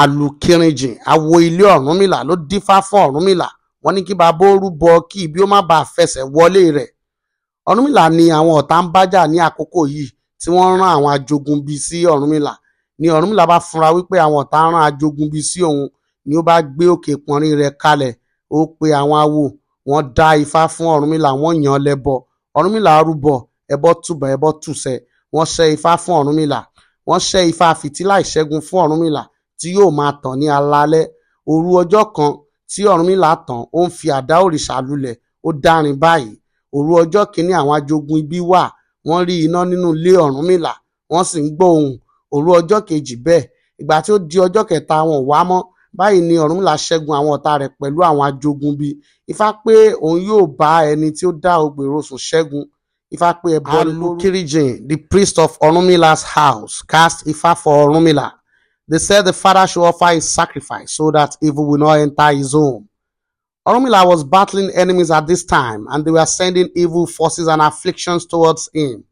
àlùkìrìnjìn àwo ilé ọ̀rúnmìlà ló dífá fún ọ̀rúnmìlà wọ́n ní kí bàbá òru bọ kí ibi ó má bàa fẹsẹ̀ wọlé rẹ̀ ọ̀rúnmìlà ni àwọn ọ̀tá ń bájà ní àkókò yìí tí wọ́n rán àwọn ajogun bíi sí ọ̀rúnmìlà ni ọ̀rúnmìlà bá fura wípé àwọn ọ̀tá rán ajogun bíi sí òun ni ó bá gbé òkè pọnrin rẹ̀ kalẹ̀ ó pe àwọn awo wọ́n dá ifá fún ọ̀rúnmìlà wọ́n yàn lẹ́bọ ọ̀rúnmìlà rúbọ ẹbọ túbọ̀ ẹbọ túsẹ̀ wọ́n ṣẹ́ ifá fún ọ̀rúnmìlà wọ́n ṣẹ́ ifá fìtílà ìṣẹ́gun fún ọ̀rúnmìlà tí yóò máa tàn ní alaalẹ́ òru ọjọ́ kan tí ọ̀rúnmìlà tàn ó ń fi àdá òrìṣà lulẹ̀ ó dárin báyìí òru ọjọ́ kìíní àwọn ajogun ibi wà wọ́n rí iná nínú ilé ọ̀rúnmìlà wọ́n sì ń gbọ́ ohùn òru ọjọ́ kejì bẹ́ẹ̀ ìgbà tí ó di ọjọ́ kẹta wọn ò wá mọ́ báyìí ni ọ̀rúnmìlà ṣẹ́gun àwọn ọ̀tá rẹ̀ pẹ̀lú àwọn ajogun ibi ifá pé òun yóò bá ẹni tí ó dá ogbèrò sùn ṣẹ́gun ifá pé ẹbọ lórí. alukirijin the priest of ọ̀rúnmìlà's house cast ifá for ọ̀rúnmìlà. They said the father should offer his sacrifice so that evil will not enter his home. Oromila was battling enemies at this time, and they were sending evil forces and afflictions towards him.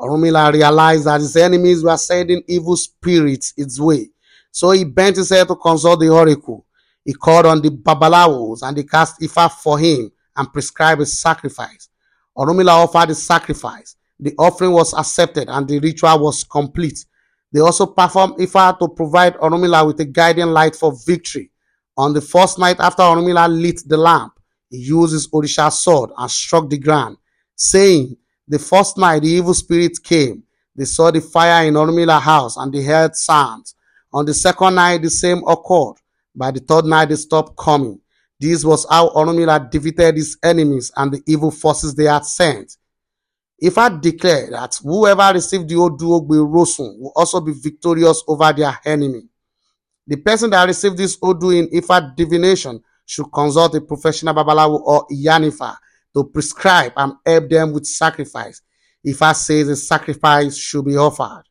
Oromila realized that his enemies were sending evil spirits its way, so he bent his head to consult the oracle. He called on the babalawos and they cast Ifa for him and prescribed a sacrifice. Oromila offered the sacrifice. The offering was accepted and the ritual was complete. They also perform Ifa to provide Onomila with a guiding light for victory. On the first night after Onomila lit the lamp, he used his Orisha sword and struck the ground, saying, The first night the evil spirit came. They saw the fire in Onomila's house and they heard sounds. On the second night, the same occurred. By the third night, they stopped coming. This was how Onomila defeated his enemies and the evil forces they had sent. If I declare that whoever received the oduo Rosun will also be victorious over their enemy. The person that received this Odu in Ifa divination should consult a professional Babalawo or Iyanifa to prescribe and help them with sacrifice. Ifa says a sacrifice should be offered.